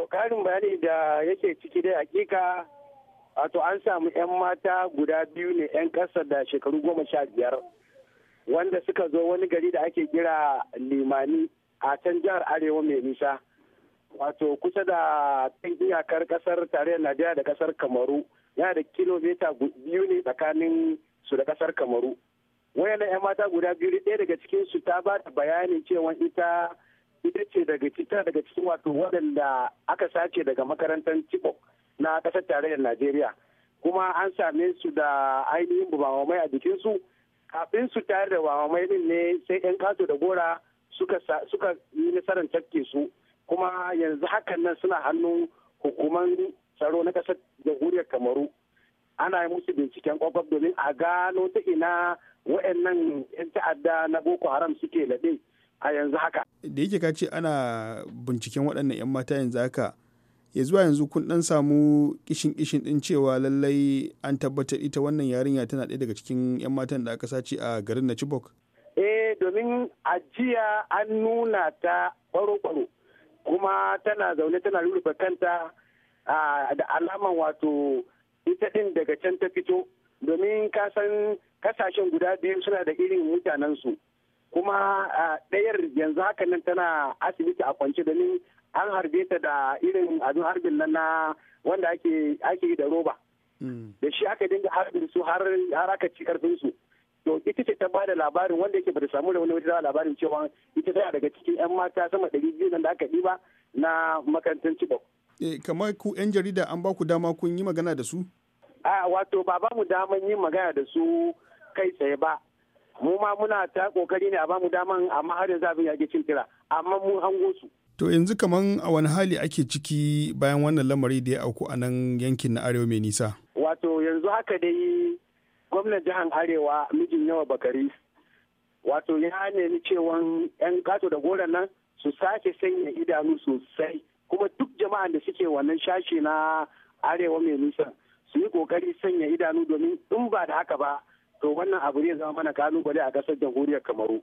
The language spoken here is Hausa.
to karin bayani da yake ciki dai hakika wato an samu 'yan mata guda biyu ne 'yan kasa da shekaru goma sha biyar wanda suka zo wani gari da ake kira limani a can jihar arewa mai nisa wato kusa da kan iyakar kasar tarayyar najeriya da kasar kamaru yana da kilomita biyu ne tsakanin su da kasar kamaru wayannan 'yan mata guda biyu ɗaya daga cikin su ta ba da bayanin cewa ita ita ce daga cita daga cikin wato waɗanda aka sace daga makarantar Chibok na ƙasar tarayyar Najeriya kuma an same su da ainihin bubamamai a jikinsu kafin su tare da bubamamai din ne sai 'yan kato da gora suka yi nasarar tafke su kuma yanzu hakan nan suna hannun hukuman tsaro na ƙasar jamhuriyar kamaru ana yi musu binciken kwakwaf domin a gano ta ina wa'annan 'yan ta'adda na boko haram suke laɗe a yanzu haka da yake ka ce ana binciken waɗannan 'yan mata yanzu haka ya zuwa yanzu kun ɗan samu kishin kishin ɗin cewa lallai an tabbatar ita wannan yarinya tana ɗaya daga cikin 'yan matan da aka sace a garin na Chibok? Eh domin ajiya an nuna ta baro-baro kuma tana zaune tana lullufa kanta da alaman wato ita ɗin daga can ta fito domin kasan kasashen guda biyu suna da irin mutanensu kuma ɗayar yanzu haka nan tana asibiti a kwance domin an harbe ta da irin abin harbin nan na wanda ake yi da roba hmm. da shi aka dinga harbin su har aka ci karfin su to ita ce ta ba da labarin wanda yake bata samu da wani wata labarin cewa ita tana daga cikin yan mata sama ɗari biyu nan da aka ɗiba na makarantar cibok. Eh, kamar ku 'yan jarida an ba ku dama kun yi magana da su? A wato ba ba mu daman yin magana da su kai tsaye ba mu ma muna ta kokari ne a bamu daman amma har yanzu abin ke cin tira amma mun hango su to yanzu kaman a wani hali ake ciki bayan wannan lamari da ya auku a nan yankin na arewa mai nisa wato yanzu haka dai gwamnan jihar arewa mijin yawa bakari wato ya nemi cewan yan gato da goron nan su sake sanya idanu sosai kuma duk jama'a da suke wannan shashi na arewa mai nisa su yi kokari sanya idanu domin in ba da haka ba to wannan abu zai zama mana kalubale a kasar jamhuriyar kamaru